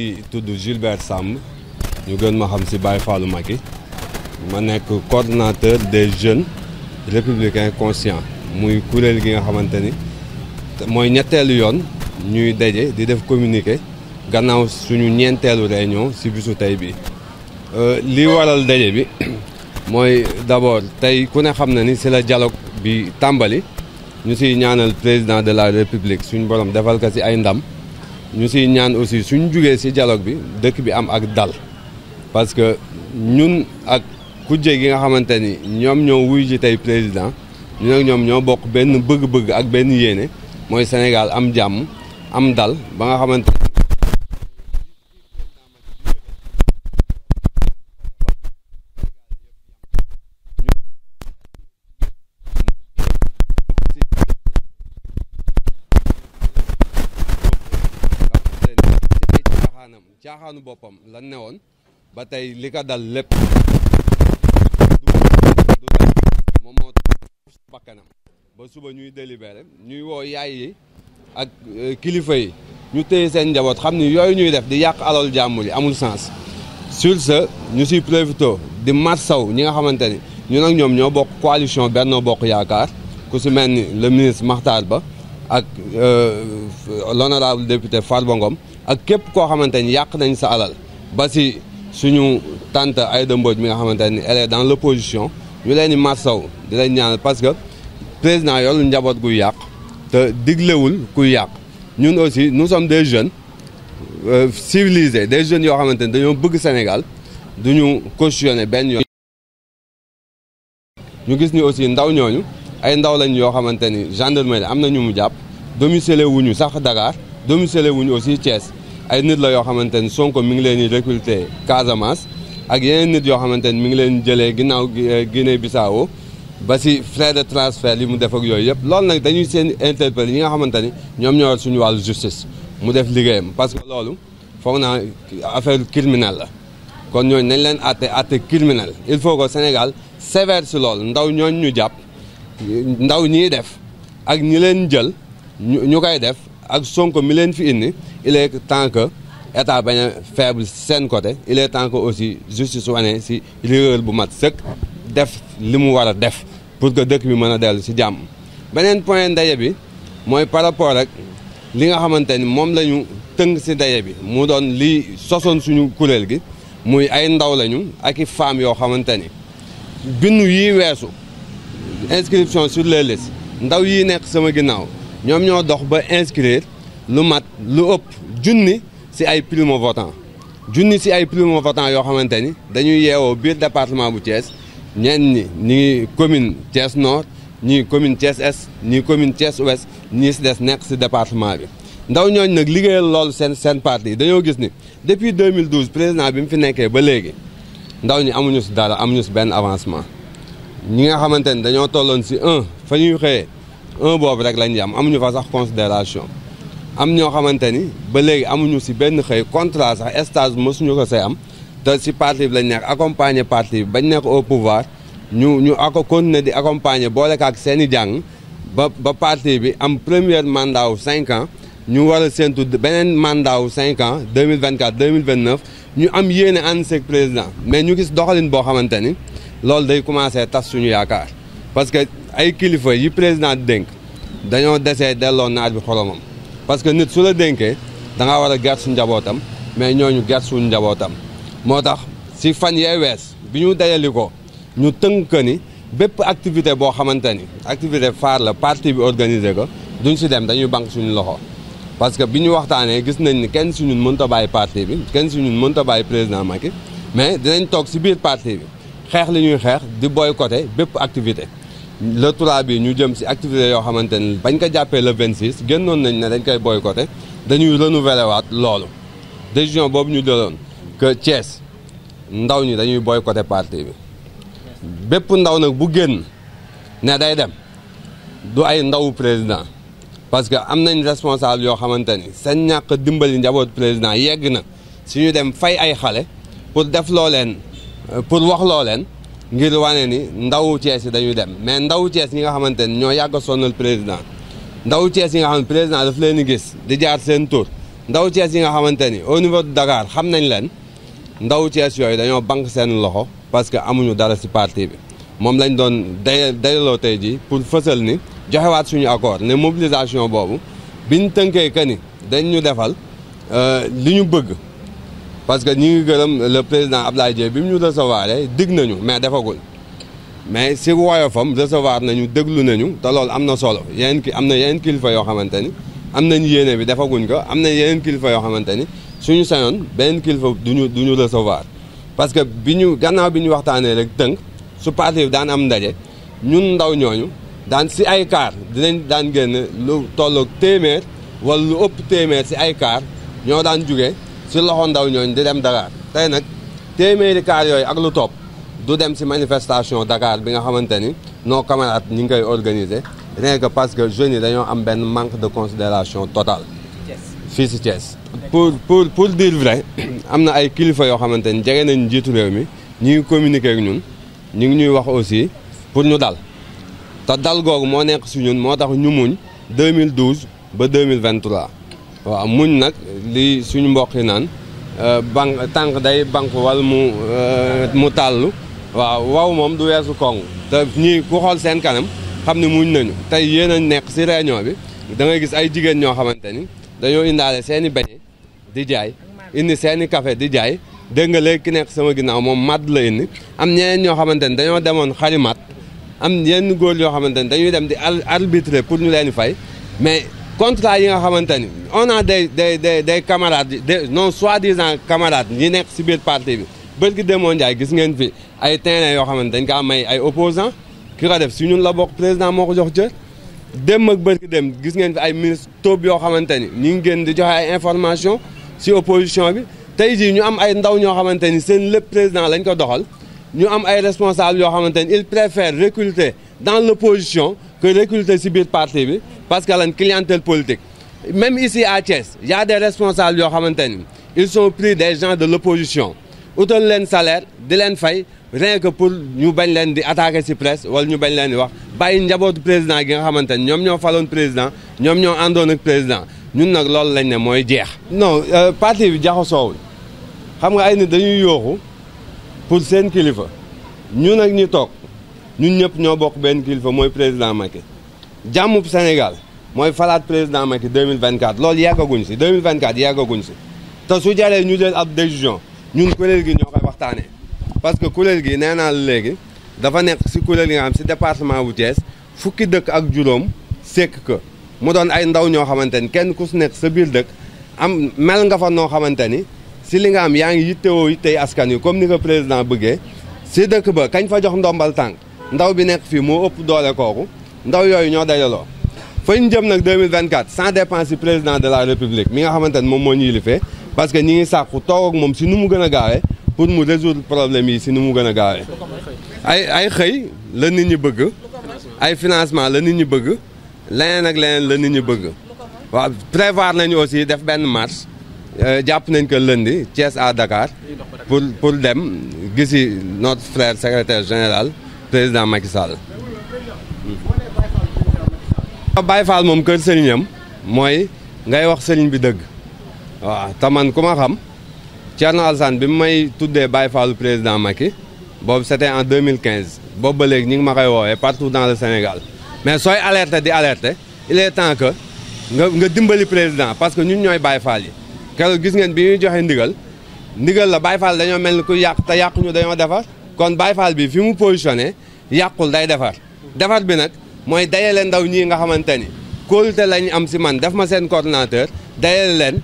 di tudd Gilbert Samb ñu gën ma xam si Baye Fallou Macky ma nekk coordonnateur des jeunes républicains conscients muy kuréel gi nga xamante ni mooy ñetteelu yoon ñuy daje di def communiqué gannaaw suñu ñeenteelu réunion si bisu tey bi euh, li waral daje bi mooy d'abord tey ku ne xam na ni si la dialogue bi tàmbali ñu siy ñaanal président de la république suñu borom defal ko si ay ndam ñu si ñaan aussi suñ jugee si dialogue bi dëkk bi am ak dal parce que ñun ak kujje gi nga xamante ni ñoom ñoo wuy ji tey président ñu ak ñoom ñoo bokk benn bëgg-bëgg ak benn yéene mooy Sénégal am jàmm am dal ba nga xamante caaxaanam caaxaanu boppam lan ne woon ba tey li ko dal lépp moom moo bakkanam ba suba ñuy délibéré ñuy woo yaay yi ak euh, kilifa yi ñu téye seen njaboot xam ni yooyu ñuy def di yàq alal jàmm yi amul sens sur ce ñu siy profité di marsaw ñi nga xamante ni ñun ak ñoom ñoo bokk coalition Benno Bokk Yaakaar ku si mel ni le ministre Makhtar Ba ak euh, l'honorable député Farba Ngom ak képp koo xamante ni yàq nañ sa alal ba si suñu tant ay de Mbodj mi nga xamante ni elle est dans l'opposition ñu leen di marsaw di leen ñaan parce que président yorul njaboot guy yàq te diglewul kuy yàq ñun aussi nous sommes des jeunes euh, civilisés des jeunes yoo xamante ni dañoo bëgg Sénégal du ñu cautionné benn yoon. ñu gis ni aussi ndaw ñooñu ay ndaw lañ yoo xamante ni gendarmerie am na ñu mu jàpp domicile wuñu sax Dakar. domicile wuñu aussi Thiès ay nit la yoo xamante ni Sonko mi ngi leen di recruter Casamance ak yeneen nit yoo xamante ni mi ngi leen jëlee ginnaaw euh, Guinée Bissau ba si frais de transfert yi mu defak yooyu yëpp loolu nag dañuy seen interpellé ñi nga xamante ni ñoom ñoo suñu wàllu justice mu def liggéeyam parce que loolu foog naa affaire criminelle la kon ñooñ nañ leen àtte àtte criminelle il faut que Sénégal sévère si loolu ndaw ñooñ ñu jàpp ndaw ñiy def ak ñi leen jël ñu koy def ak Sonko mi leen fi indi il est temps que état bañ a faible seen côté il est temps que aussi justice wane si rigueur bu mat sëkk def li mu war a def pour que dëkk bi mën a dellu si jàmm. beneen point ndaje bi mooy par rapport ak li nga xamante ni moom la ñu tënk si ndaje bi mu doon li sosoon suñu kuréel gi muy ay ndaw lañu ak i femmes yoo xamante ni binnu yi weesu inscription sur les listes ndaw yi nekk sama ginnaaw. ñoom ñoo dox ba inscrire lu mat lu ëpp junni si ay primo votant junni si ay primo votant yoo xamante ni dañuy yeewoo biir département bu Thiès ñenn ñi ñi commune Thiès Nord ñii commune Thiès Est ñii commune Thiès Ouest ñii si des nekk si département bi ndaw ñooñu nag liggéeyal lool seen seen parti dañoo gis ni depuis 2012 président bi mu fi nekkee ba léegi ndaw ñi amuñu si dara amuñu si benn avancement ñi nga xamante ni dañoo tolloon si un fa ñuy xëyee un boobu rek lañ am amuñu fa sax considération am ñoo xamante ni ba léegi amuñu si benn xëy contra sax stage mësuñu ko se am te si parti bi lañ nekk accompagner parti bi bañ nekk o pouvoir ñu ñu ako continuer di accompagner boole ak seen i jàng ba ba parti bi am première mandat wu ans ñu war a séntu beneen mandat wu cinq ans mille vingt quatre deux mille vingt neuf ñu am yéene ànd seeg président mais ñu gis doxalin boo xamante ni loolu day commencé tas suñu yaakaar ay kilifa yi président dénk dañoo desee delloo naar bi xoromam parce que nit su la dénkee da war a gert su njabootam mais ñooñu gert suñu njabootam moo tax si fan yee wees bi ñu dajali ko ñu tënk ni bépp activité boo xamante ni activité phare la parti bi organisé ko duñ si dem dañuy banque suñu loxo parce que bi ñu waxtaanee gis nañ ni kenn si ñun mënut a bàyyi parti bi kenn si ñun mënut a bàyyi président Macky mais dinañ toog si biir parti bi xeex li ñuy xeex di boycotté bépp activité le 3 bi ñu jëm si activité yoo xamante ni bañ ko jàppee le 26 génnoon nañ ne dañ koy boycotté dañuy renouveler waat loolu décision boobu ñu jëloon que Thiès ndaw ñi dañuy boycotté parti bi bépp ndaw nag bu génn ne day dem du ay ndawu président parce que am nañ responsable yoo xamante ni seen ñàkk dimbali njaboot président yegg na suñu dem fay ay xale pour def loo leen pour wax loo leen ngir wane ni ndawu Thiès yi dañuy dem mais ndawu Thiès yi nga xamante ni ñoo yàgg a président ndaw Thiès yi nga président daf leen di gis di jaar seen tur ndaw Thiès yi nga xamante ni au niveau de Dakar xam nañ leen ndawu Thiès yooyu dañoo bank seen loxo parce que amuñu dara ci parti bi moom lañ doon day dayloo tey jii pour fësal ni joxewaat suñu accord ne mobilisation boobu biñ tënkee que ni dañ ñu defal euh, li ñu bëgg parce que ñu ngi gërëm le président Abdoulaye Dièye bi mu ñu recevoir dig nañu mais defagul mais si woyofam recevoir nañu déglu nañu te loolu am na solo yeneen ki am na yeneen kilifa yoo xamante ni am nañ yéene bi defaguñ ko am na yeneen kilifa yoo xamante ni suñu sañoon beneen kilifa duñu du ñu recevoir parce que bi ñu gannaaw bi ñu waxtaanee rek tënk su parti bi daan am ndaje ñun ndaw ñooñu daan si ay kaar dinañ daan génn lu tolloog téeméer wala lu ëpp téeméer si ay kaar ñoo daan jugee si loxo ndaw ñooñu di dem Dakar tey nag téeméeri kaar yooyu ak lu topp du dem si manifestation Dakar bi nga xamante ni nos camarades ñi ngi koy organiser rien que parce que jeunes yi dañoo am benn manque de considération totale fii si Thiès pour pour pour diir vrai am na ay kilifa yoo xamante ni jege nañ njiitu réew mi ñu ngi communiquer ak ñun ñu ngi ñuy wax aussi pour ñu dal te dal googu moo nekk si ñun moo tax ñu muñ 2012 ba 2023 waaw muñ nag li suñu mbokk yi naan euh, banq tànk day banq wala mu euh, mu tàllu waaw waw moom du weesu kong te ñii ku xool seen kanam xam ne muñ nañu tey yéen nekk si réunion bi da ngay gis ay jigéen ñoo xamante ni dañoo indaale seen i beñe di jaay indi seen i café di jaay dégg nga léegi ki nekk sama ginnaaw moom madd la indi am ñeneen ñoo xamante ni dañoo demoon xarimat am yenn góor yoo xamante ni dañuy dem di arbitrer pour ñu leen fay mais contrat yi nga xamante ni on a des des des des camarades des non soi-disant camarades yi nekk si biir parti bi bërki demoo Ndiaye gis ngeen fi ay terrain yoo xamante dañ kaa may ay opposants ki ko def si ñun la bokk président moo ko jox jër dem ak bërki dem gis ngeen fi ay ministre tóob yoo xamante ni ñu ngi génn di joxe ay information si opposition bi tey jii ñu am ay ndaw ñoo xamante ni seen lépp président lañ ko doxal ñu am ay responsables yoo xamante ni il préfère recruter dans l'opposition que recruter ci biir parti bi parce que lan clientèle politique même ici à Thiès y a des responsables yoo xamante ni ils sont pris des gens de l'opposition utal leen salaire di leen fay rien que pour ñu bañ leen di attaquer si presse wala ñu bañ leen di wax bàyyi njaboot président gi nga xamante ni ñoom ñoo faloon président ñoom ñoom àndoon ak président ñun nag loolu lañ ne mooy jeex. non euh, parti bi jaxasoowul xam nga ay ni dañuy yooxu pour seen kilifa ñu nag ñu toog. ñun ñëpp ñoo bokk benn kilifa mooy président Macky jàmmub Sénégal mooy falaat président Macky 2024 loolu yàggaguñ si 2024 yàggaguñ si te su jaree ñu jël ab décision ñun kuréel gi ñoo koy waxtaanee parce que kuréel gi nee naa la léegi dafa nekk si kuréel gi nga xam si département bu Thiès fukki dëkk ak juróom sekk ko mu doon ay ndaw ñoo xamante ni kenn ku si nekk sa biir dëkk am mel nga fa noo xamante ni si li nga am yaa ngi yittewoo yittey askan wi comme ni ko président bëggee si dëkk ba kañ fa jox ndombal tànk ndaw bi nekk fii moo ëpp doole kooku ndaw yooyu ñoo dajaloo fañ jëm nag 2024 sans dépense yi président de la république mi nga xamante ne moom moo ñu yilifee parce que ñu ngi sàkku toog ak moom si nu mu gën a gaawee pour mu résoudre problème yi si nu mu gën a gaawee ay xëy la nit ñi bëgg ay financement la nit ñi bëgg leneen ak leneen la nit ñi bëgg waaw prévoir nañu aussi def benn marche euh, jàpp nañ ko lundi Thiès à Dakar pour pour dem gisi notre frère secrétaire général président Macky Sall. Mm. Baye Fall moom kër sëriñam mooy ngay wax sëriñ bi dëgg waaw te man ku ma xam Thierno Alassane bi may tuddee Baye Fallu président Macky boobu c'était en 2015 boobu ba léegi ñu ngi ma koy woowee partout dans le Sénégal mais sooy alerter di alerter il est temps que nga nga dimbali président parce que ñun ñooy Baye Fall yi keroog gis ngeen bi ñuy joxe ndigal ndigal la Baye Fall dañoo mel ni ku yàq te yàquñu dañoo defar. kon Baye Fall bi fi mu positionné yàqul day defar defar bi nag mooy dajale ndaw ñii nga xamante ni kóolute lañ am si man def ma seen coordonnateur dajale leen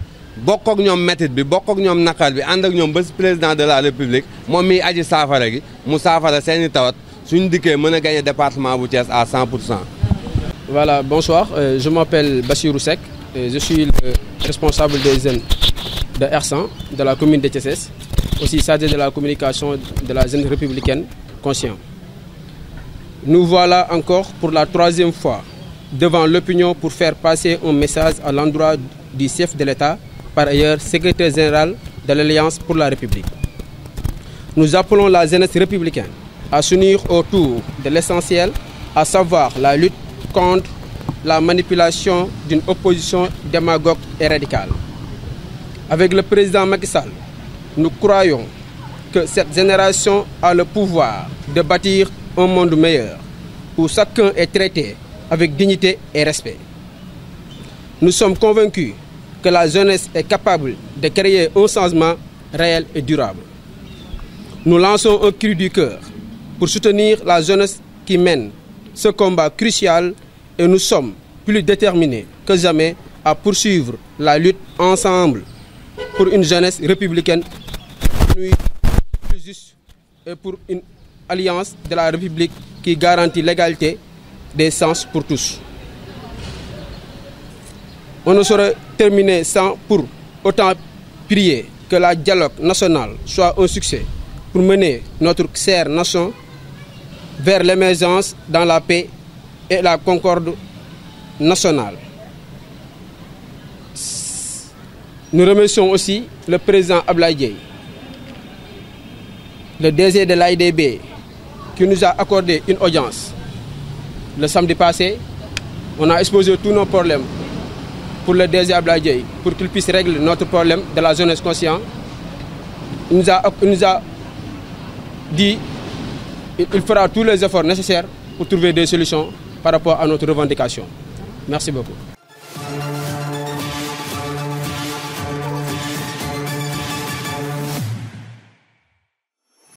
bokk ak ñoom métit bi bokk ak ñoom naqar bi ànd ak ñoom ba président de la république moom miy aji saafara gi mu saafara seeni i tawat suñu dikkee mën a gagné département bu Thiès à 100 pour cent. voilà bonsoir euh, je m'appelle Bassirou Seck je suis le responsable des jeunes de R100 de la commune de Thiès. aussi chargé de la communication de la jeune républicaine conscient. Nous voilà encore pour la troisième fois devant l'opinion pour faire passer un message à l'endroit du chef de l'État, par ailleurs secrétaire général de l'Alliance pour la République. Nous appelons la jeunesse républicaine à s'unir autour de l'essentiel, à savoir la lutte contre la manipulation d'une opposition démagogue et radicale. Avec le président Macky Nous croyons que cette génération a le pouvoir de bâtir un monde meilleur où chacun est traité avec dignité et respect. Nous sommes convaincus que la jeunesse est capable de créer un changement réel et durable. Nous lançons un cri du cœur pour soutenir la jeunesse qui mène ce combat crucial et nous sommes plus déterminés que jamais à poursuivre la lutte ensemble pour une jeunesse républicaine nuit juste et euh, pour une alliance de la République qui garantit l'égalité des chances pour tous. On ne pour autant la dialogue nationale soit un succès pour mener notre chère nation vers l'émergence dans la paix et la concorde nationale. Nous aussi le président Ablaye le DG de l'AIDB, qui nous a accordé une audience le samedi passé, on a exposé tout nos problème pour le DG Abladjei, pour qu'il puisse régler notre problème de la jeunesse consciente. Il nous a, il nous a tous les efforts nécessaires pour trouver des solutions par rapport à notre revendication. Merci beaucoup.